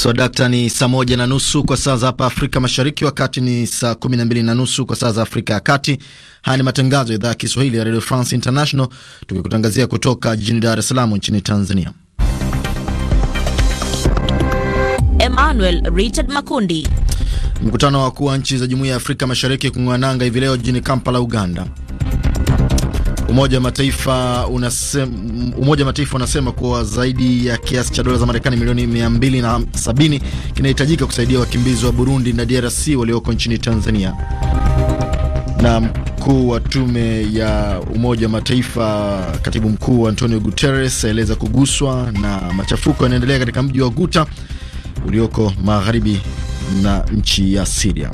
So, dakta ni saa moja na nusu kwa saa za hapa Afrika Mashariki, wakati ni saa kumi na mbili na nusu kwa saa za Afrika ya Kati. Haya ni matangazo ya idhaa ya Kiswahili ya Radio France International, tukikutangazia kutoka jijini Dar es Salaam nchini Tanzania. Emmanuel Richard Makundi. Mkutano wa wakuu wa nchi za Jumuiya ya Afrika Mashariki kung'oa nanga hivi leo jijini Kampala, Uganda. Umoja wa Mataifa unasema, Umoja wa Mataifa unasema kuwa zaidi ya kiasi cha dola za Marekani milioni 270 kinahitajika kusaidia wakimbizi wa Burundi na DRC walioko nchini Tanzania. Na mkuu wa tume ya Umoja wa Mataifa, katibu mkuu Antonio Guterres aeleza kuguswa na machafuko yanaendelea katika mji wa Guta ulioko magharibi na nchi ya Syria.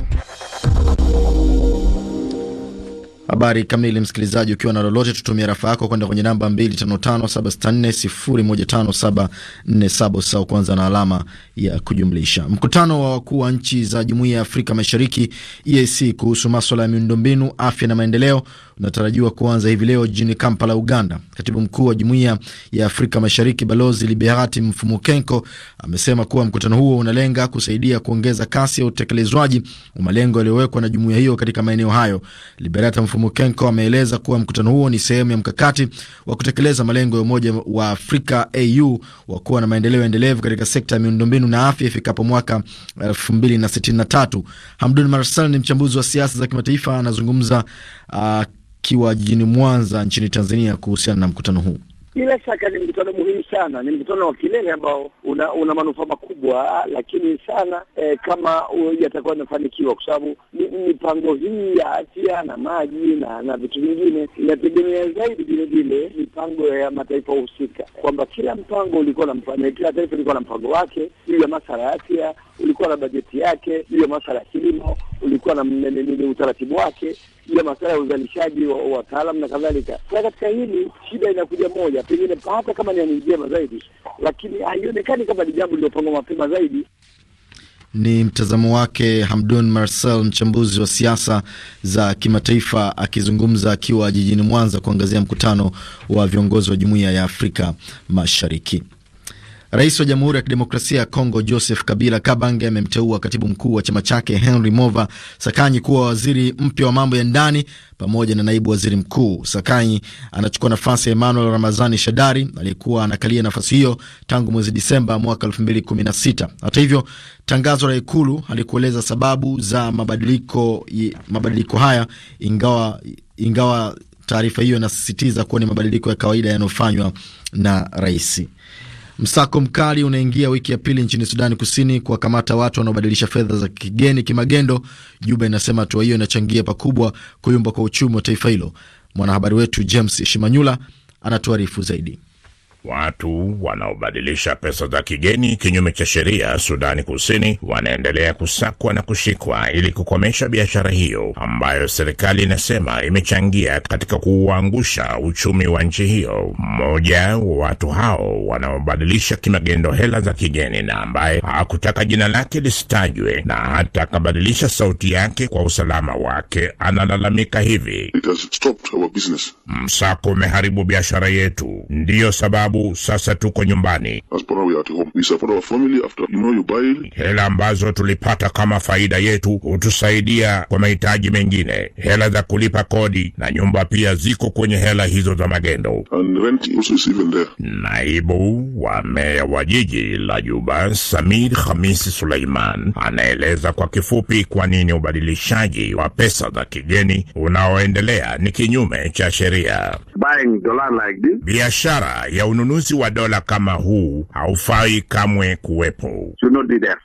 Habari kamili, msikilizaji, ukiwa na lolote, tutumia rafa yako kwenda kwenye namba 255764015747 kwanza na alama ya kujumlisha. Mkutano wa wakuu wa nchi za Jumuiya ya Afrika Mashariki EAC kuhusu maswala ya miundombinu, afya na maendeleo unatarajiwa kuanza hivi leo jijini Kampala, Uganda. Katibu mkuu wa Jumuiya ya Afrika Mashariki Balozi Liberati Mfumukenko amesema kuwa mkutano huo unalenga kusaidia kuongeza kasi ya utekelezwaji wa malengo yaliyowekwa na jumuiya hiyo katika maeneo hayo. Liberati Mfumukenko ameeleza kuwa mkutano huo ni sehemu ya mkakati wa kutekeleza malengo ya Umoja wa Afrika au wa kuwa na maendeleo endelevu katika sekta ya miundombinu na afya ifikapo mwaka 2063. Hamdun Marsal ni mchambuzi wa siasa za kimataifa anazungumza uh, akiwa jijini Mwanza nchini Tanzania kuhusiana na mkutano huu. Bila shaka ni mkutano muhimu sana, ni mkutano wa kilele ambao una, una manufaa makubwa, lakini sana eh, kama yatakuwa imefanikiwa, kwa sababu mipango hii ya afya na maji na na vitu vingine inategemea zaidi vile vile mipango ya mataifa husika, kwamba kila mpango ulikuwa na mpango, kila taifa ilikuwa na mpango wake juu ya masala ya afya ulikuwa na bajeti yake juu ya masala ya kilimo, ulikuwa na utaratibu wake ya masala ya uzalishaji wa wataalamu na kadhalika. Katika hili shida inakuja moja pengine hata kama ni njema zaidi, lakini haionekani kama ni jambo lililopangwa mapema zaidi. Ni mtazamo wake Hamdun Marcel, mchambuzi wa siasa za kimataifa, akizungumza akiwa jijini Mwanza kuangazia mkutano wa viongozi wa Jumuiya ya Afrika Mashariki. Rais wa Jamhuri ya Kidemokrasia ya Kongo Joseph Kabila Kabange amemteua katibu mkuu wa chama chake Henry Mova Sakanyi kuwa waziri mpya wa mambo ya ndani pamoja na naibu waziri mkuu. Sakanyi anachukua nafasi ya Emmanuel Ramazani Shadari aliyekuwa anakalia nafasi hiyo tangu mwezi Disemba mwaka 2016. Hata hivyo, tangazo la Ikulu halikueleza sababu za mabadiliko, mabadiliko haya ingawa, ingawa taarifa hiyo inasisitiza kuwa ni mabadiliko ya kawaida yanayofanywa na raisi Msako mkali unaingia wiki ya pili nchini Sudani Kusini kuwakamata watu wanaobadilisha fedha za kigeni kimagendo. Juba inasema hatua hiyo inachangia pakubwa kuyumba kwa uchumi wa taifa hilo. Mwanahabari wetu James Shimanyula anatuarifu zaidi. Watu wanaobadilisha pesa za kigeni kinyume cha sheria Sudani Kusini wanaendelea kusakwa na kushikwa ili kukomesha biashara hiyo ambayo serikali inasema imechangia katika kuuangusha uchumi wa nchi hiyo. Mmoja wa watu hao wanaobadilisha kimagendo hela za kigeni na ambaye hakutaka jina lake lisitajwe na hata akabadilisha sauti yake kwa usalama wake, analalamika hivi: Msako umeharibu biashara yetu, ndiyo sababu sababu sasa tuko nyumbani. Hela ambazo tulipata kama faida yetu hutusaidia kwa mahitaji mengine, hela za kulipa kodi na nyumba pia ziko kwenye hela hizo za magendo. Naibu wa meya wa jiji la Juba, Samir Hamisi Suleiman, anaeleza kwa kifupi kwa nini ubadilishaji wa pesa za kigeni unaoendelea ni kinyume cha sheria. Biashara ya ununu ununuzi wa dola kama huu haufai kamwe kuwepo.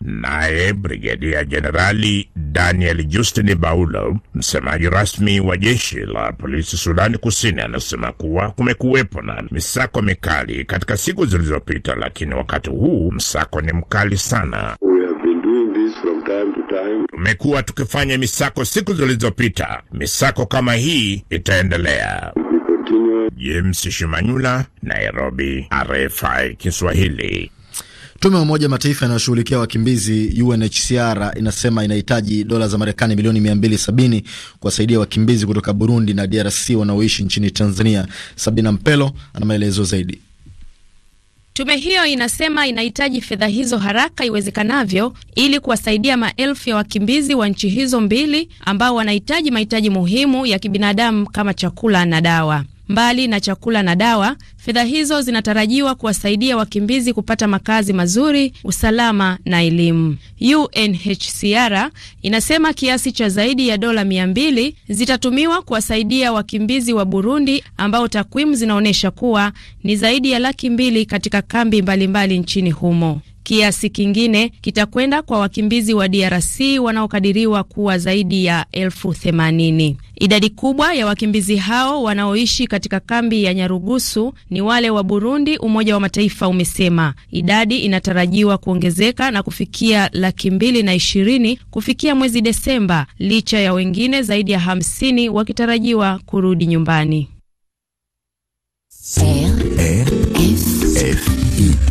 Naye Brigedia Jenerali Daniel Justin Baulo, msemaji rasmi wa jeshi la polisi Sudani Kusini, anasema kuwa kumekuwepo na misako mikali katika siku zilizopita, lakini wakati huu msako ni mkali sana. Tumekuwa tukifanya misako siku zilizopita. Misako kama hii itaendelea. James Shimanyula, Nairobi, RFI Kiswahili. Tume ya Umoja Mataifa inayoshughulikia wakimbizi UNHCR inasema inahitaji dola za Marekani milioni 270 kuwasaidia wakimbizi kutoka Burundi na DRC wanaoishi nchini Tanzania. Sabina Mpelo ana maelezo zaidi. Tume hiyo inasema inahitaji fedha hizo haraka iwezekanavyo ili kuwasaidia maelfu ya wakimbizi wa nchi hizo mbili ambao wanahitaji mahitaji muhimu ya kibinadamu kama chakula na dawa. Mbali na chakula na dawa, fedha hizo zinatarajiwa kuwasaidia wakimbizi kupata makazi mazuri, usalama na elimu. UNHCR inasema kiasi cha zaidi ya dola mia mbili zitatumiwa kuwasaidia wakimbizi wa Burundi ambao takwimu zinaonyesha kuwa ni zaidi ya laki mbili katika kambi mbalimbali mbali nchini humo. Kiasi kingine kitakwenda kwa wakimbizi wa DRC wanaokadiriwa kuwa zaidi ya elfu themanini. Idadi kubwa ya wakimbizi hao wanaoishi katika kambi ya Nyarugusu ni wale wa Burundi, Umoja wa Mataifa umesema. Idadi inatarajiwa kuongezeka na kufikia laki mbili na ishirini kufikia mwezi Desemba, licha ya wengine zaidi ya hamsini wakitarajiwa kurudi nyumbani. R.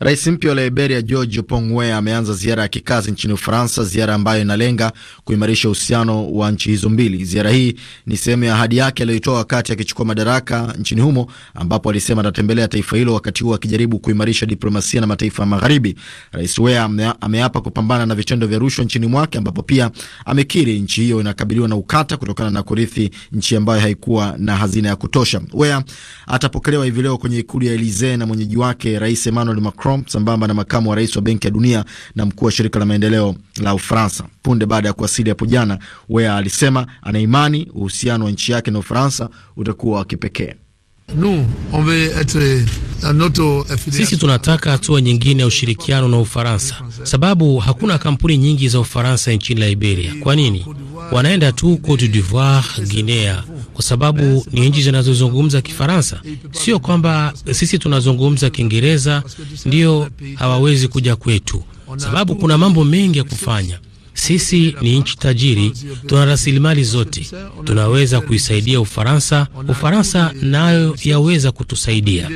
Rais mpya wa Liberia George Pong Weah ameanza ziara ya kikazi nchini Ufaransa, ziara ambayo inalenga kuimarisha uhusiano wa nchi hizo mbili. Ziara hii ni sehemu ya ahadi yake aliyoitoa wakati akichukua madaraka nchini humo, ambapo alisema atatembelea taifa hilo, wakati huo akijaribu kuimarisha diplomasia na mataifa ya Magharibi. Rais Weah ameapa kupambana na vitendo vya rushwa nchini mwake, ambapo pia amekiri nchi hiyo inakabiliwa na ukata kutokana na kurithi nchi ambayo haikuwa na hazina ya kutosha. Weah atapokelewa hivi leo kwenye ikulu ya Elysee na mwenyeji wake Rais Emmanuel Macron Macron sambamba na makamu wa rais wa Benki ya Dunia na mkuu wa shirika la maendeleo la Ufaransa punde baada ya kuwasili hapo jana. wea alisema ana imani uhusiano wa nchi yake na Ufaransa utakuwa wa kipekee. Sisi tunataka hatua nyingine ya ushirikiano na Ufaransa, sababu hakuna kampuni nyingi za Ufaransa nchini Liberia. Kwa nini wanaenda tu Cote d'Ivoire, Guinea? Kwa sababu ni nchi zinazozungumza Kifaransa. Sio kwamba sisi tunazungumza Kiingereza ndiyo hawawezi kuja kwetu, sababu kuna mambo mengi ya kufanya. Sisi ni nchi tajiri, tuna rasilimali zote, tunaweza kuisaidia Ufaransa. Ufaransa nayo yaweza kutusaidia.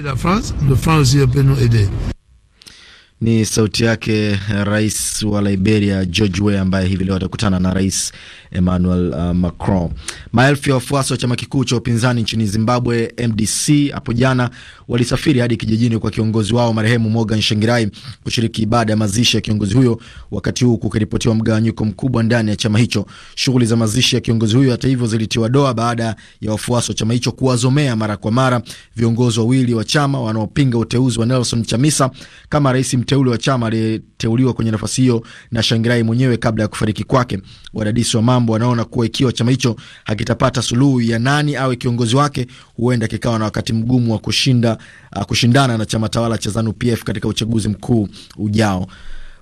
Ni sauti yake eh, rais wa Liberia George Weah ambaye hivi leo atakutana na rais Emmanuel uh, Macron. Maelfu ya wafuasi wa chama kikuu cha upinzani nchini Zimbabwe MDC hapo jana walisafiri hadi kijijini kwa kiongozi wao marehemu Morgan Shangirai kushiriki ibada ya mazishi ya kiongozi huyo, wakati huu kukiripotiwa mgawanyiko mkubwa ndani ya chama hicho. Shughuli za mazishi ya kiongozi huyo hata hivyo zilitiwa doa baada ya wafuasi wa chama hicho kuwazomea mara kwa mara viongozi wawili wa chama wanaopinga uteuzi wa Nelson Chamisa kama rais mteule wa chama aliyeteuliwa kwenye nafasi hiyo na Shangirai mwenyewe kabla ya kufariki kwake. Wadadisi wa mambo wanaona kuwa ikiwa chama hicho hakitapata suluhu ya nani awe kiongozi wake, huenda kikawa na wakati mgumu wa kushinda, uh, kushindana na chama tawala cha Zanu PF katika uchaguzi mkuu ujao.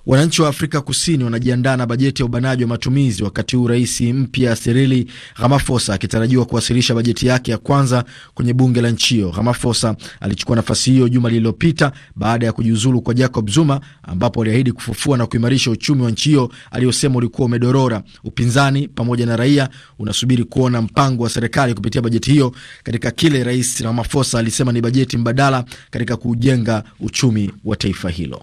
Wananchi wa Afrika Kusini wanajiandaa na bajeti ya ubanaji wa matumizi, wakati huu rais mpya Cyril Ramaphosa akitarajiwa kuwasilisha bajeti yake ya kwanza kwenye bunge la nchi hiyo. Ramaphosa alichukua nafasi hiyo juma lililopita baada ya kujiuzulu kwa Jacob Zuma, ambapo aliahidi kufufua na kuimarisha uchumi wa nchi hiyo aliyosema ulikuwa umedorora. Upinzani pamoja na raia unasubiri kuona mpango wa serikali kupitia bajeti hiyo katika kile rais Ramaphosa alisema ni bajeti mbadala katika kujenga uchumi wa taifa hilo.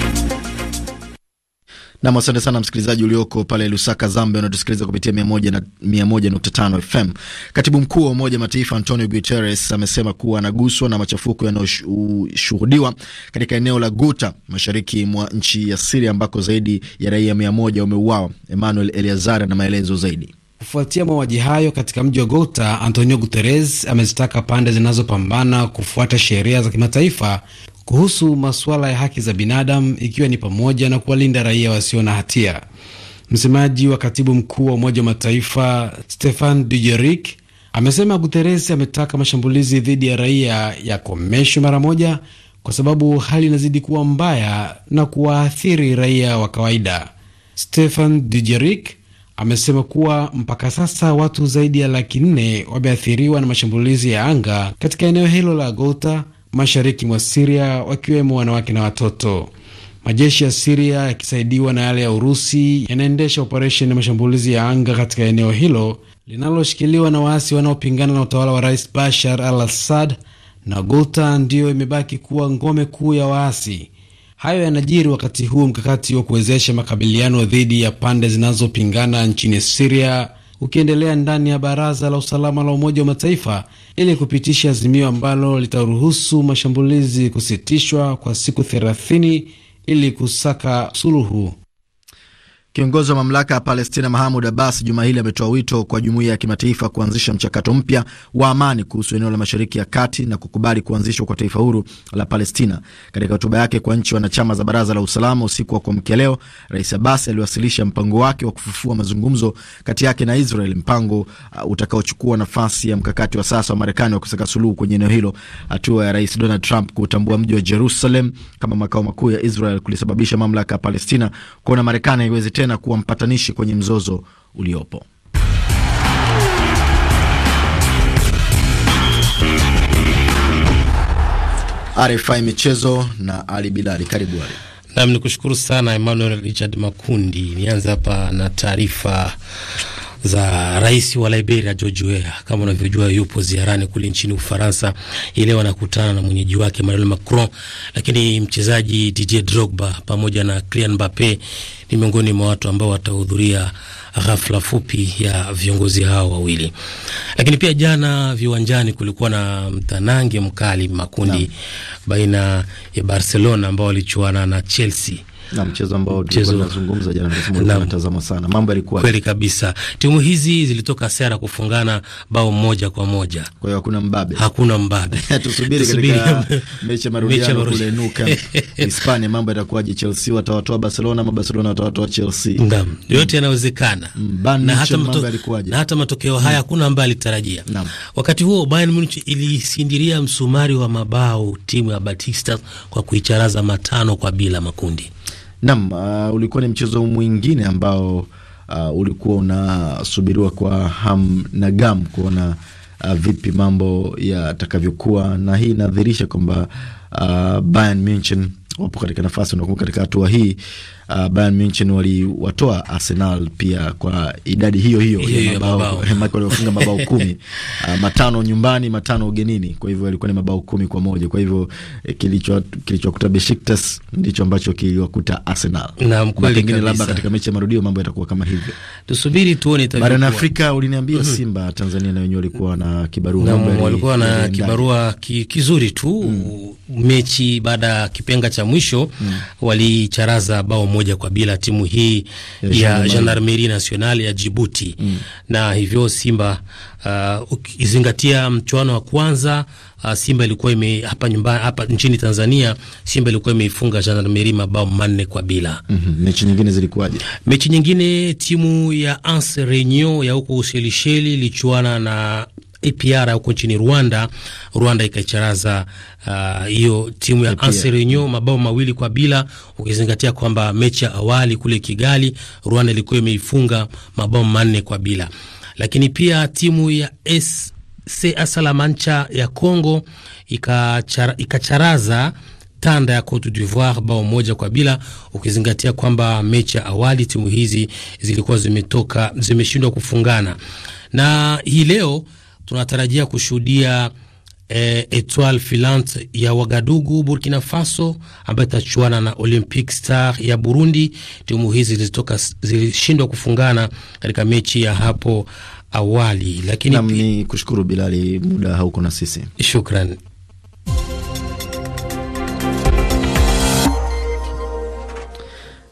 Nam, asante sana msikilizaji ulioko pale Lusaka, Zambia, unatusikiliza kupitia 101.5 FM. Katibu mkuu wa Umoja Mataifa Antonio Guterres amesema kuwa anaguswa na machafuko yanayoshuhudiwa katika eneo la Guta mashariki mwa nchi ya Siria ambako zaidi ya raia 100 wameuawa. Emmanuel eleazar na maelezo zaidi. Kufuatia mauaji hayo katika mji wa Gota, Antonio Guterres amezitaka pande zinazopambana kufuata sheria za kimataifa kuhusu masuala ya haki za binadamu ikiwa ni pamoja na kuwalinda raia wasio na hatia. Msemaji wa katibu mkuu wa Umoja wa Mataifa Stefan Dujerik amesema Guteres ametaka mashambulizi dhidi ya raia yakomeshwe mara moja, kwa sababu hali inazidi kuwa mbaya na kuwaathiri raia wa kawaida. Stefan Dujerik amesema kuwa mpaka sasa watu zaidi ya laki nne wameathiriwa na mashambulizi ya anga katika eneo hilo la Gota mashariki mwa Siria, wakiwemo wanawake na watoto. Majeshi ya Siria yakisaidiwa na yale ya Urusi yanaendesha operesheni ya mashambulizi ya anga katika eneo hilo linaloshikiliwa na waasi wanaopingana na utawala wa Rais Bashar al Assad, na Ghouta ndiyo imebaki kuwa ngome kuu ya waasi. Hayo yanajiri wakati huu mkakati wa kuwezesha makabiliano dhidi ya pande zinazopingana nchini Siria ukiendelea ndani ya Baraza la Usalama la Umoja wa Mataifa ili kupitisha azimio ambalo litaruhusu mashambulizi kusitishwa kwa siku 30 ili kusaka suluhu Kiongozi wa mamlaka ya Palestina Mahamud Abbas juma hili ametoa wito kwa jumuiya ya kimataifa kuanzisha mchakato mpya wa amani kuhusu eneo la Mashariki ya Kati na kukubali kuanzishwa kwa taifa huru la Palestina. Katika hotuba yake kwa nchi wanachama za Baraza la Usalama usiku wa kuamkia leo, Rais Abbas aliwasilisha mpango wake wa kufufua mazungumzo kati yake na Israel, mpango uh, utakaochukua nafasi ya mkakati wa sasa wa Marekani wa kusaka suluhu kwenye eneo hilo. Hatua ya Rais Donald Trump kuutambua mji wa Jerusalem kama makao makuu ya Israel kulisababisha mamlaka ya Palestina kuona Marekani haiwezi tena kuwa mpatanishi kwenye mzozo uliopo. RFI Michezo na Ali Bilali, karibu Ali. Nam ni kushukuru sana Emmanuel Richard Makundi. Nianze hapa na taarifa za rais wa Liberia George Weah. Kama unavyojua, yupo ziarani kule nchini Ufaransa ileo, anakutana na mwenyeji wake Emmanuel Macron, lakini mchezaji Didier Drogba pamoja na Kylian Mbappe ni miongoni mwa watu ambao watahudhuria ghafla fupi ya viongozi hao wawili. Lakini pia jana viwanjani kulikuwa na mtanange mkali makundi na baina ya Barcelona ambao walichuana na Chelsea na mchezo ambao tulikuwa tunazungumza jana, natazama sana, mambo yalikuwa kweli kabisa. Timu hizi zilitoka sera kufungana bao moja kwa moja, kwa hiyo hakuna mbabe, hakuna mbabe. Tusubiri katika mechi ya marudiano kule Nou Camp Hispania, mambo yatakuwaje? Chelsea watawatoa Barcelona ama Barcelona watawatoa Chelsea? Naam, yote yanawezekana, mm, na hata mambo yalikuwaje, na hata matokeo haya hakuna ambaye alitarajia. Wakati huo Bayern Munich ilisindiria msumari wa mabao timu ya Batista kwa kuicharaza matano kwa bila makundi Naam, uh, ulikuwa ni mchezo mwingine ambao uh, ulikuwa unasubiriwa kwa ham na gam kuona uh, vipi mambo yatakavyokuwa, na hii inadhihirisha kwamba uh, Bayern Munich wapo katika nafasi, wanakuwa katika hatua hii uh, Bayern Munich waliwatoa Arsenal pia kwa idadi hiyo hiyo ya mabao waliofunga mabao kumi uh, matano nyumbani matano ugenini, kwa hivyo walikuwa ni mabao kumi kwa moja. Kwa hivyo eh, kilicho kilichokuta Besiktas ndicho ambacho kiliwakuta Arsenal, na pengine labda katika mechi ya marudio mambo yatakuwa kama hivyo, tusubiri tuone. Barani Afrika uliniambia mm-hmm. Simba Tanzania na wenyewe walikuwa na kibarua, na walikuwa na kibarua ki, kizuri tu mm. mechi baada ya kipenga cha mwisho mm. walicharaza bao moja moja kwa bila timu hii ya Gendarmerie Nationale ya Djibouti mm. na hivyo Simba uh, izingatia mchuano wa kwanza uh, Simba ilikuwa ime hapa nyumbani hapa nchini Tanzania Simba ilikuwa imeifunga Gendarmerie mabao manne kwa bila mm -hmm. mechi nyingine zilikuwaje? Mechi nyingine timu ya Anse Reunion ya huko Ushelisheli ilichuana na APR huko nchini Rwanda, Rwanda ikaicharaza uh, hiyo uh, timu ya Anserenyo mabao mawili kwa bila, ukizingatia kwamba mechi ya awali kule Kigali Rwanda ilikuwa imeifunga mabao manne kwa bila. Lakini pia timu ya SC Mancha ya Kongo ikacharaza tanda ya Cote d'Ivoire bao moja kwa bila, ukizingatia kwamba mechi ya awali timu hizi zilikuwa zimetoka zimeshindwa kufungana na hii leo tunatarajia kushuhudia e, Etoile Filante ya Wagadugu, Burkina Faso, ambayo itachuana na Olympic Star ya Burundi. Timu hizi zilitoka zilishindwa kufungana katika mechi ya hapo awali, lakini ni kushukuru Bilali, muda hauko na sisi, shukran.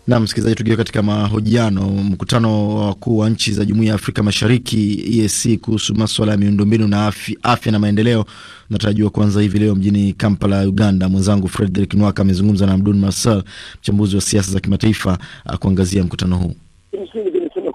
Na msikilizaji, tukiwa katika mahojiano, mkutano wa wakuu wa nchi za jumuiya ya Afrika Mashariki EAC kuhusu maswala ya miundombinu na afya, afya na maendeleo natarajiwa kuanza hivi leo mjini Kampala, Uganda. Mwenzangu Frederick Nwaka amezungumza na Abdul Marcel, mchambuzi wa siasa za kimataifa, kuangazia mkutano huu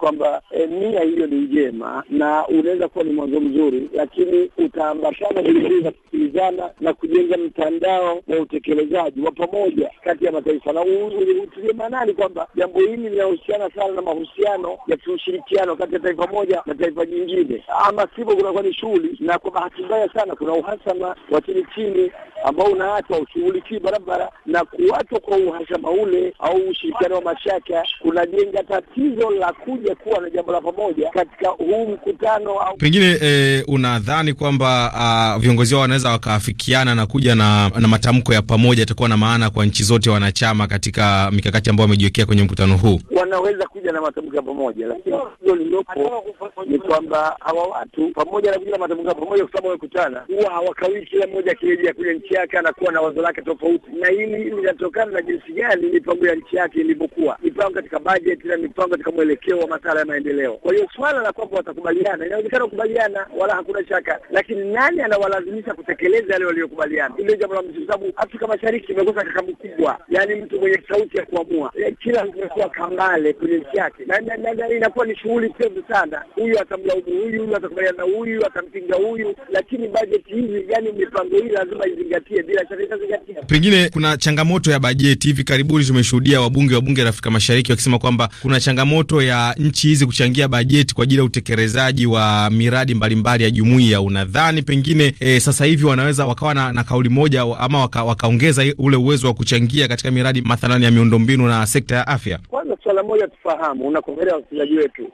kwamba e, nia hiyo ni njema na unaweza kuwa ni mwanzo mzuri, lakini utaambatana vilevile na kusikilizana na kujenga mtandao wa utekelezaji wa pamoja kati ya mataifa, na utilie maanani kwamba jambo hili linahusiana sana na mahusiano ya kiushirikiano kati ya taifa moja na taifa jingine, ama sivyo kunakuwa ni shughuli, na kwa bahati mbaya sana kuna uhasama wa chini chini ambao unaachwa ushughulikii barabara, na kuachwa kwa uhasama ule au ushirikiano wa mashaka kunajenga tatizo la kuja kuwa na jambo la pamoja katika huu mkutano au... Pengine e, unadhani kwamba uh, viongozi wao wanaweza wakaafikiana na kuja na, na matamko ya pamoja yatakuwa na maana kwa nchi zote wanachama katika mikakati ambayo wamejiwekea kwenye mkutano huu? Wanaweza kuja na matamko ya pamoja, lakini hilo liliopo ni kwamba hawa watu pamoja na kuja na matamko ya pamoja, kwa sababu wamekutana, huwa hawakawii kila mmoja akirejea kwenye nchi yake anakuwa na wazo lake tofauti, na hili linatokana na jinsi gani mipango ya nchi yake ilivyokuwa, mipango katika bajeti na mipango katika mwelekeo wa masuala ya maendeleo. Kwa hiyo swala la kwamba watakubaliana, inawezekana kukubaliana, wala hakuna shaka, lakini nani anawalazimisha kutekeleza yale waliokubaliana? Ile jambo la msingi, sababu Afrika Mashariki imekosa kakamu kubwa, yaani mtu mwenye sauti ya kuamua. Eh, kila kuwa kambale kwenye nchi yake, na inakuwa ni shughuli pevu sana. Huyu atamlaumu huyu, huyu atakubaliana na huyu, atampinga huyu, lakini bajeti hizi, yani mipango hii lazima izingatie, bila shaka itazingatia. Pengine kuna changamoto ya bajeti. Hivi karibuni tumeshuhudia wabunge wa bunge la Afrika Mashariki wakisema kwamba kuna changamoto ya nchi hizi kuchangia bajeti kwa ajili ya utekelezaji wa miradi mbalimbali ya jumuiya. Unadhani pengine e, sasa hivi wanaweza wakawa na, na kauli moja ama wakaongeza waka ule uwezo wa kuchangia katika miradi mathalani ya miundombinu na sekta ya afya? Kwanza swala moja tufahamu, unakogelea wachezaji wetu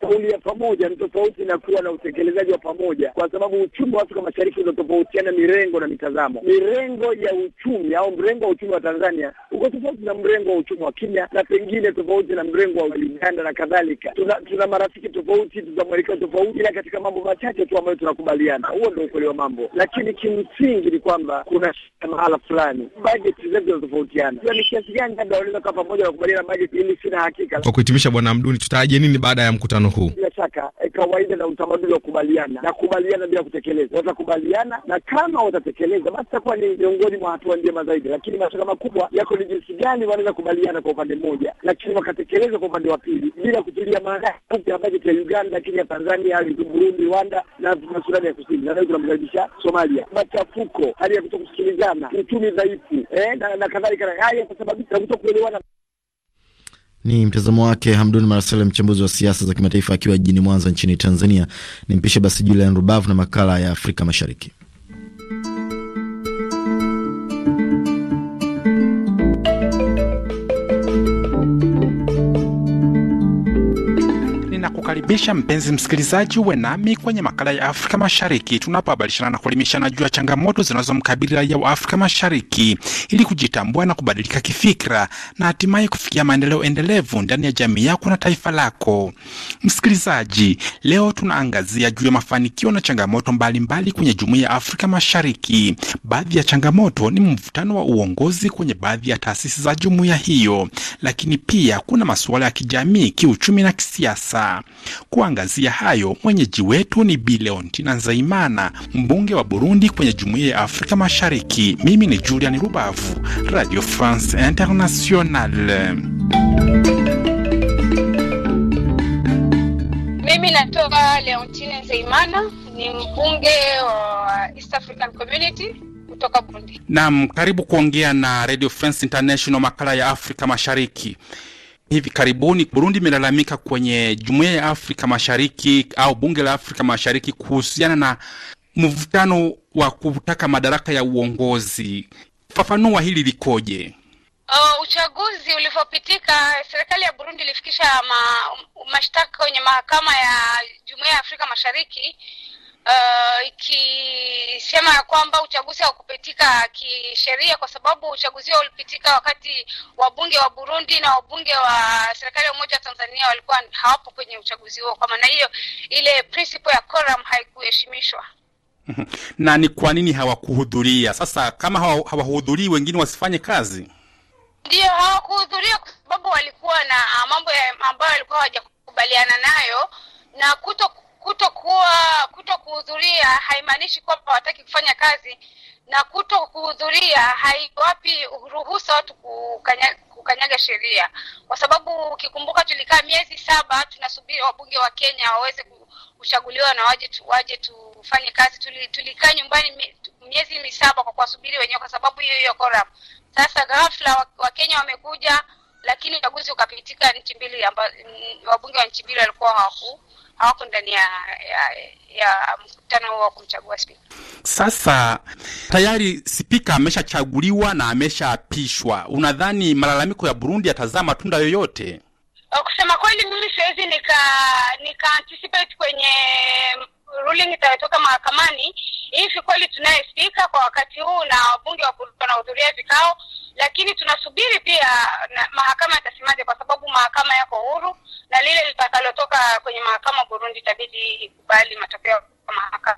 kauli ya pamoja ni tofauti na kuwa na utekelezaji wa pamoja, kwa sababu uchumi wa Afrika Mashariki unatofautiana mirengo na mitazamo. Mirengo ya uchumi au mrengo wa uchumi wa Tanzania uko tofauti na mrengo wa uchumi wa Kenya na pengine tofauti na mrengo wa Uganda na kadhalika. Tuna, tuna marafiki tofauti, tuna mwelekeo tofauti, ila katika mambo machache tu ambayo tunakubaliana. Huo ndio ukweli wa mambo, lakini kimsingi ni kwamba kuna shida mahala fulani, bajeti zetu zinatofautiana. Ni kiasi gani labda wanaweza kaa pamoja na kukubaliana bajeti, ili sina hakika. Kwa kuhitimisha, Bwana mduni tutaaje nini baada ya mkutano? huu? Bila shaka e, kawaida na utamaduni wa kubaliana na kubaliana bila kutekeleza. Watakubaliana na kama watatekeleza, basi itakuwa ni miongoni mwa hatua njema zaidi, lakini mashaka makubwa yako ni jinsi gani wanaweza kubaliana kwa upande mmoja, lakini wakatekeleza kwa upande wa pili bila kutilia maana upya bajeti ya Uganda, ya Tanzania, Burundi, Rwanda na Sudani ya Kusini, na leo tunamkaribisha Somalia. Machafuko, hali ya kutokusikilizana, uchumi dhaifu eh, na kadhalika, haya yatasababisha kutokuelewana. Ni mtazamo wake Hamdun Marsel, mchambuzi wa siasa za kimataifa akiwa jijini Mwanza nchini Tanzania. Ni mpishe basi Julian Rubavu na makala ya Afrika Mashariki. kukaribisha mpenzi msikilizaji, uwe nami kwenye makala ya Afrika Mashariki tunapohabarishana na kuelimishana juu ya changamoto zinazomkabili raia wa Afrika Mashariki ili kujitambua na kubadilika kifikra na hatimaye kufikia maendeleo endelevu ndani ya jamii yako na taifa lako. Msikilizaji, leo tunaangazia juu ya mafanikio na changamoto mbalimbali mbali kwenye jumuiya ya Afrika Mashariki. Baadhi ya changamoto ni mvutano wa uongozi kwenye baadhi ya taasisi za jumuiya hiyo, lakini pia kuna masuala ya kijamii, kiuchumi na kisiasa. Kuangazia hayo mwenyeji wetu ni bileontina Leontina Nzaimana, mbunge wa Burundi kwenye Jumuiya ya Afrika Mashariki. Mimi ni Julian Rubavu, Radio France International. Mimi natoka Leontine Zeimana, ni mbunge wa East African Community kutoka Burundi. Naam, karibu kuongea na Radio France International, makala ya Afrika Mashariki. Hivi karibuni Burundi imelalamika kwenye Jumuiya ya Afrika Mashariki au Bunge la Afrika Mashariki kuhusiana na mvutano wa kutaka madaraka ya uongozi. Fafanua hili likoje? Uh, uchaguzi ulivyopitika, serikali ya Burundi ilifikisha ma, mashtaka kwenye mahakama ya Jumuiya ya Afrika Mashariki uh, ikisema ya kwamba uchaguzi haukupitika kisheria kwa sababu uchaguzi huo ulipitika wakati wabunge wa Burundi na wabunge wa serikali ya umoja wa Tanzania walikuwa hawapo kwenye uchaguzi huo. Kwa maana hiyo ile principle ya quorum haikuheshimishwa. na ni kwa nini hawakuhudhuria? Sasa kama hawahudhurii, wengine wasifanye kazi? ndio hawakuhudhuria kwa sababu walikuwa na mambo ambayo walikuwa hawajakubaliana nayo na kuto kutokuwa kuto kuhudhuria haimaanishi kwamba hawataki kufanya kazi, na kuto kuhudhuria haiwapi ruhusa watu kukanya, kukanyaga sheria, kwa sababu ukikumbuka, tulikaa miezi saba tunasubiri wabunge wa Kenya waweze kuchaguliwa na waje tu, waje tufanye kazi. Tulikaa tuli nyumbani miezi misaba kwa kuwasubiri wenyewe, kwa sababu hiyo hiyo koram. Sasa ghafla Wakenya wa wamekuja, lakini uchaguzi ukapitika, nchi mbili mm, wabunge wa nchi mbili walikuwa hawaku hawako ndani ya, ya, ya mkutano huo wa kumchagua spika. Sasa tayari spika ameshachaguliwa na ameshaapishwa. Unadhani malalamiko ya Burundi yatazaa matunda yoyote? Kusema kweli, mimi siwezi nika, nika anticipate kwenye ruling itayotoka mahakamani hivi kweli tunaye spika kwa wakati huu na wabunge wa wanahudhuria vikao lakini tunasubiri pia na mahakama itasemaje, kwa sababu mahakama yako huru na lile litakalotoka kwenye mahakama Burundi itabidi ikubali matokeo ya mahakama.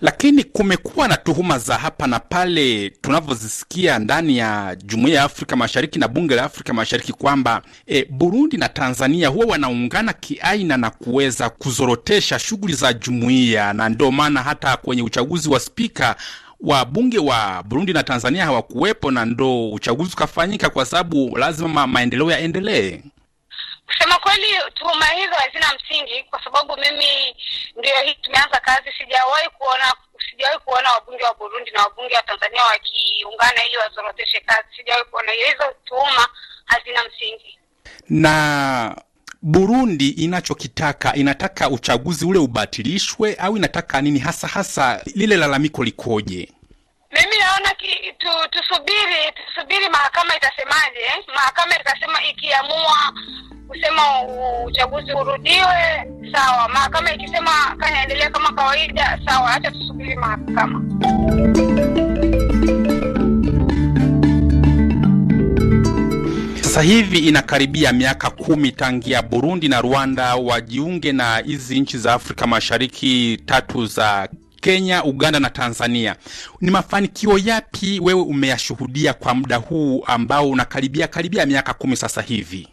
Lakini kumekuwa na tuhuma za hapa na pale tunavyozisikia ndani ya Jumuiya ya Afrika Mashariki na Bunge la Afrika Mashariki kwamba e, Burundi na Tanzania huwa wanaungana kiaina na kuweza kuzorotesha shughuli za jumuiya, na ndio maana hata kwenye uchaguzi wa spika wabunge wa Burundi na Tanzania hawakuwepo na ndo uchaguzi ukafanyika, kwa sababu lazima ma maendeleo yaendelee. Kusema kweli, tuhuma hizo hazina msingi, kwa sababu mimi ndio hii tumeanza kazi, sijawahi kuona sijawahi kuona wabunge wa Burundi na wabunge wa Tanzania wakiungana ili wazoroteshe kazi. Sijawahi kuona hiyo, hizo tuhuma hazina msingi na Burundi inachokitaka inataka uchaguzi ule ubatilishwe au inataka nini hasa hasa, lile lalamiko likoje? Mimi naona tu, tusubiri tusubiri mahakama itasemaje Mahakama itasema ikiamua kusema uchaguzi urudiwe, sawa. Mahakama ikisema kanaendelea kama kawaida, sawa. Acha tusubiri mahakama. Sasa hivi inakaribia miaka kumi tangia Burundi na Rwanda wajiunge na hizi nchi za Afrika Mashariki tatu za Kenya, Uganda na Tanzania. Ni mafanikio yapi wewe umeyashuhudia kwa muda huu ambao unakaribia karibia miaka kumi sasa hivi?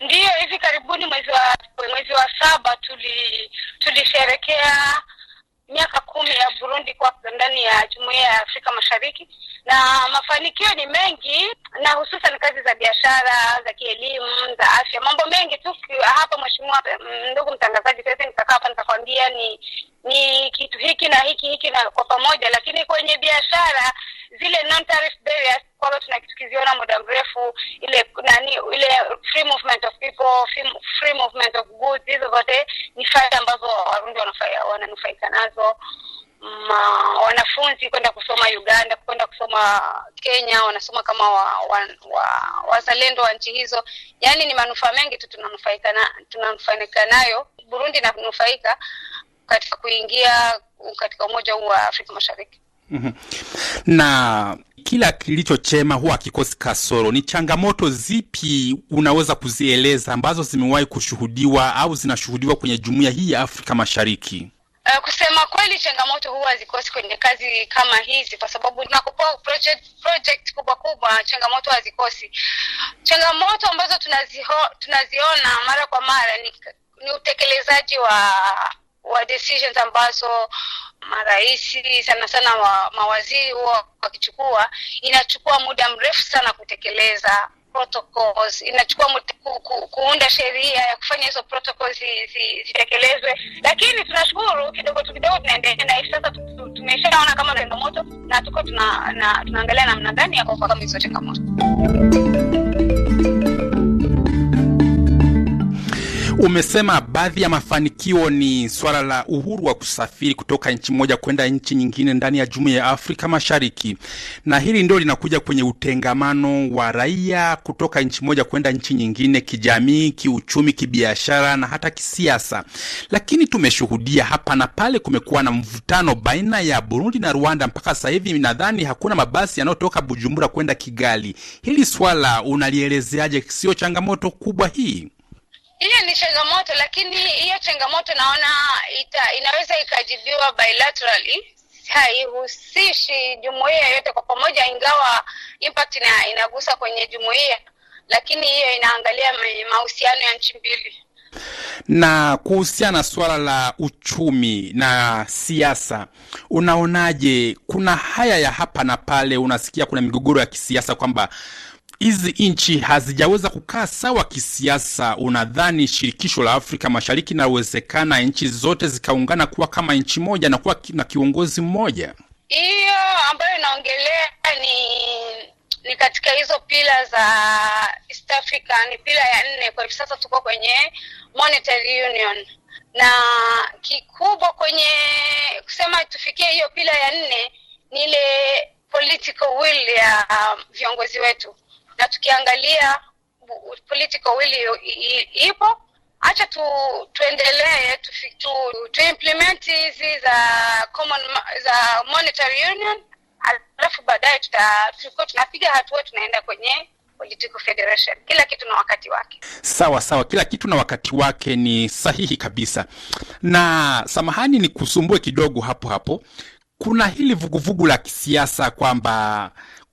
Ndiyo, hivi karibuni mwezi wa mwezi wa saba tuli tulisherekea miaka kumi ya Burundi kwa ndani ya Jumuiya ya Afrika Mashariki na mafanikio ni mengi, na hususan kazi za biashara, za kielimu, za afya, mambo mengi tu hapa. Mheshimiwa mm, ndugu mtangazaji, siwezi nikakaa hapa nikakwambia ni ni kitu hiki na hiki hiki na kwa pamoja, lakini kwenye biashara zile non tariff barriers kwamba muda mrefu, ile nani, ile free movement of people, free movement of goods, hizo zote ni faida ambazo Warundi wananufaika nazo wanafunzi kwenda kusoma Uganda, kwenda kusoma Kenya, wanasoma kama wazalendo wa, wa, wa, wa nchi hizo. Yaani ni manufaa mengi tu tunanufaika na, tunanufaika nayo. Burundi inanufaika katika kuingia katika umoja huu wa Afrika Mashariki. Mm-hmm. Na kila kilichochema huwa kikosi kasoro. Ni changamoto zipi unaweza kuzieleza ambazo zimewahi kushuhudiwa au zinashuhudiwa kwenye jumuiya hii ya Afrika Mashariki? Uh, kusema kweli changamoto huwa hazikosi kwenye kazi kama hizi, kwa sababu tunakopoa project, project kubwa kubwa, changamoto hazikosi. Changamoto ambazo tunaziho, tunaziona mara kwa mara ni, ni utekelezaji wa wa decisions ambazo maraisi sana sana wa mawaziri huwa wakichukua, inachukua muda mrefu sana kutekeleza protocols inachukua muda ku, kuunda sheria ya kufanya hizo protocols zitekelezwe zi, zi, lakini tunashukuru kidogo tu kidogo tunaendelea na hivi sasa tumeshaona kama changamoto na tuko tunaangalia na, namna gani ya kufahamu hizo changamoto Umesema baadhi ya mafanikio ni swala la uhuru wa kusafiri kutoka nchi moja kwenda nchi nyingine ndani ya Jumuiya ya Afrika Mashariki, na hili ndio linakuja kwenye utengamano wa raia kutoka nchi moja kwenda nchi nyingine, kijamii, kiuchumi, kibiashara na hata kisiasa. Lakini tumeshuhudia hapa na pale kumekuwa na mvutano baina ya Burundi na Rwanda. Mpaka sasa hivi nadhani hakuna mabasi yanayotoka Bujumbura kwenda Kigali. Hili swala unalielezeaje? Sio changamoto kubwa hii? Hiyo ni changamoto, lakini hiyo changamoto naona ita, inaweza ikajibiwa bilaterally haihusishi jumuia yote kwa pamoja, ingawa impact ina, inagusa kwenye jumuia lakini hiyo inaangalia mahusiano ya nchi mbili. Na kuhusiana na suala la uchumi na siasa, unaonaje? Kuna haya ya hapa na pale, unasikia kuna migogoro ya kisiasa kwamba hizi nchi hazijaweza kukaa sawa kisiasa, unadhani shirikisho la Afrika Mashariki inawezekana nchi zote zikaungana kuwa kama nchi moja na kuwa na kiongozi mmoja? Hiyo ambayo inaongelea ni ni katika hizo pila za East Africa, ni pila ya nne. Kwa hivi sasa tuko kwenye monetary union, na kikubwa kwenye kusema tufikie hiyo pila ya nne ni ile political will ya viongozi wetu na tukiangalia political will ipo, acha tu, tuendelee tu, tu, tu implement hizi za common za monetary union, alafu baadaye tutakuwa tunapiga hatua tunaenda kwenye political federation. Kila kitu na wakati wake. Sawa sawa, kila kitu na wakati wake ni sahihi kabisa. Na samahani ni kusumbue kidogo hapo hapo, kuna hili vuguvugu la kisiasa kwamba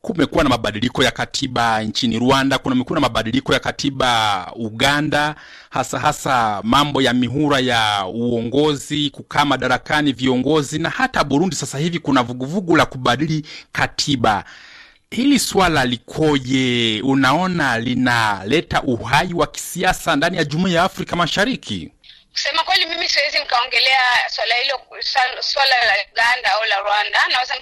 kumekuwa na mabadiliko ya katiba nchini Rwanda, kuna mekuwa na mabadiliko ya katiba Uganda, hasa hasa mambo ya mihura ya uongozi, kukaa madarakani viongozi, na hata Burundi sasa hivi kuna vuguvugu la kubadili katiba. Hili swala likoje? Unaona linaleta uhai wa kisiasa ndani ya jumuiya ya Afrika Mashariki? Kusema kweli, mimi siwezi nikaongelea swala hilo, swala la Uganda au la Rwanda. Naweza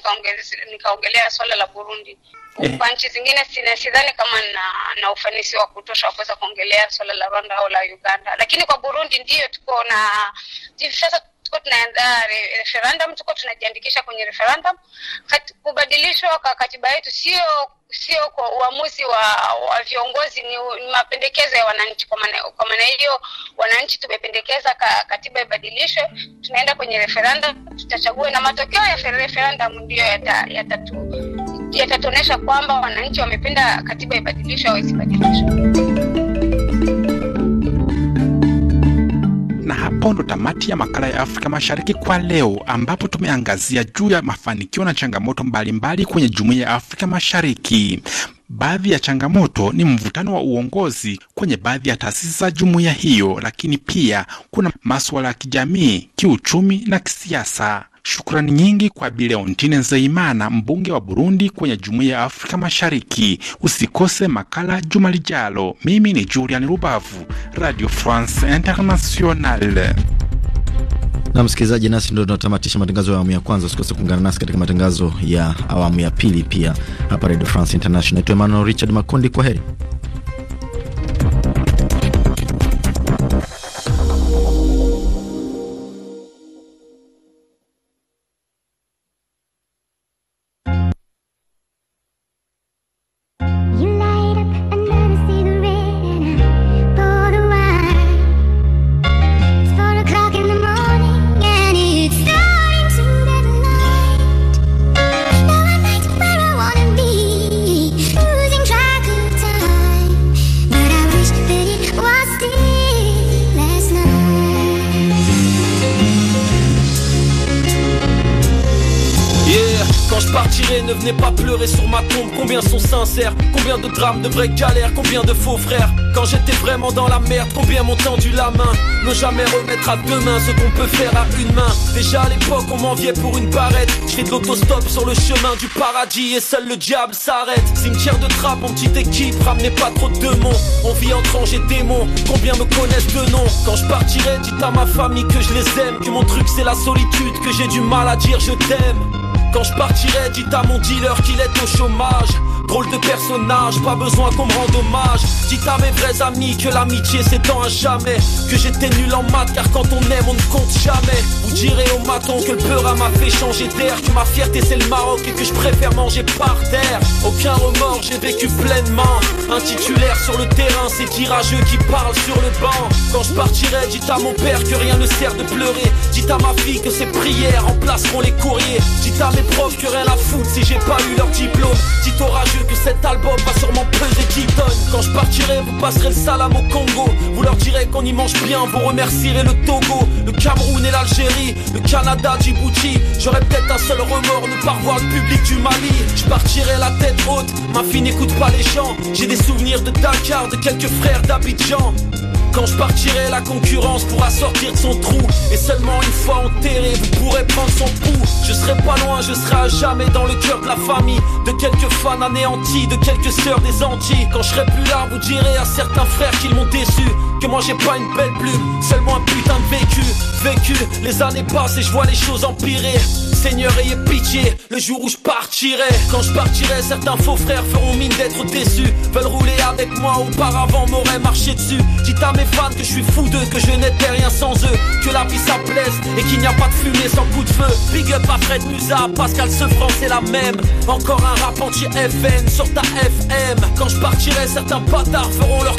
nikaongelea swala la Burundi. Eh. Kwa nchi zingine sidhani kama na, na ufanisi wa kutosha wa kuweza kuongelea swala la Rwanda au la Uganda, lakini kwa Burundi ndiyo tuko na hivi sasa tuko tunaandaa referendum, tuko tunajiandikisha kwenye referendum. Kubadilishwa kwa katiba yetu sio sio kwa uamuzi wa, wa viongozi, ni, ni mapendekezo ya wananchi. Kwa maana kwa maana hiyo wananchi tumependekeza ka, katiba ibadilishwe, tunaenda kwenye referendum, tutachagua na matokeo ya referendum ndiyo yatatuonyesha yata yata kwamba wananchi wamependa katiba ibadilishwe au isibadilishwe. Na hapo ndo tamati ya makala ya Afrika Mashariki kwa leo, ambapo tumeangazia juu ya mafanikio na changamoto mbalimbali mbali kwenye jumuiya ya Afrika Mashariki. Baadhi ya changamoto ni mvutano wa uongozi kwenye baadhi ya taasisi za jumuiya hiyo, lakini pia kuna masuala ya kijamii, kiuchumi na kisiasa shukrani nyingi kwa Bileontine Nzeyimana, mbunge wa Burundi kwenye Jumuiya ya Afrika Mashariki. Usikose makala juma lijalo. Mimi ni Julian Rubavu, Radio France Internationale. Na msikilizaji, nasi ndio tunatamatisha matangazo ya awamu ya kwanza. Usikose kuungana nasi katika matangazo ya awamu ya pili pia hapa Radio France International. Naitwa Emmanuel Richard Makundi, kwa heri. demain ce qu'on peut faire à une main. Déjà à l'époque, on m'enviait pour une barrette. Je fais de l'autostop sur le chemin du paradis et seul le diable s'arrête. Cimetière de trappe, en petite équipe, ramenez pas trop de démons. On vit entre anges et démons, combien me connaissent de nom. Quand je partirai, dites à ma famille que je les aime, que mon truc c'est la solitude, que j'ai du mal à dire je t'aime. Quand je partirai, dites à mon dealer qu'il est au chômage. Drôle de personnage, pas besoin qu'on me rende hommage. Dites à mes vrais amis que l'amitié s'étend à jamais. Que j'étais nul en maths, car quand on aime, on ne compte jamais. Vous direz au maton que le peur m'a fait changer d'air. Que ma fierté c'est le Maroc et que je préfère manger par terre. Aucun remords, j'ai vécu pleinement. Un titulaire sur le terrain, c'est tirageux qui parle sur le banc. Quand je partirai, dites à mon père que rien ne sert de pleurer. Dites à ma fille que ses prières remplaceront les courriers. Dites à mes profs que rien à foutre si j'ai pas eu leur diplôme. Dis que cet album va sûrement peser 10 tonnes. Quand je partirai, vous passerez le salam au Congo. Vous leur direz qu'on y mange bien, vous remercierez le Togo, le Cameroun et l'Algérie, le Canada, Djibouti. J'aurais peut-être un seul remords, ne pas revoir le public du Mali. Je partirai la tête haute, ma fille n'écoute pas les chants J'ai des souvenirs de Dakar, de quelques frères d'Abidjan. Quand je partirai, la concurrence pourra sortir de son trou. Et seulement une fois enterré, vous pourrez prendre son trou. Je serai pas loin, je serai à jamais dans le cœur de la famille. De quelques fans anéantis, de quelques sœurs des Antilles. Quand je serai plus là, vous direz à certains frères qu'ils m'ont déçu. Que moi j'ai pas une belle plume, seulement un putain de vécu. Vécu, les années passent et je vois les choses empirer. Seigneur, ayez pitié, le jour où je partirai. Quand je partirai, certains faux frères feront mine d'être déçus. Veulent rouler avec moi, auparavant m'auraient marché dessus fans que je suis fou d'eux, que je n'étais rien sans eux, que la vie ça plaise et qu'il n'y a pas de fumée sans coup de feu. Big up à Fred Musa, Pascal Sefran, c'est la même. Encore un rap anti-FN sur ta FM. Quand je partirai, certains patards feront leur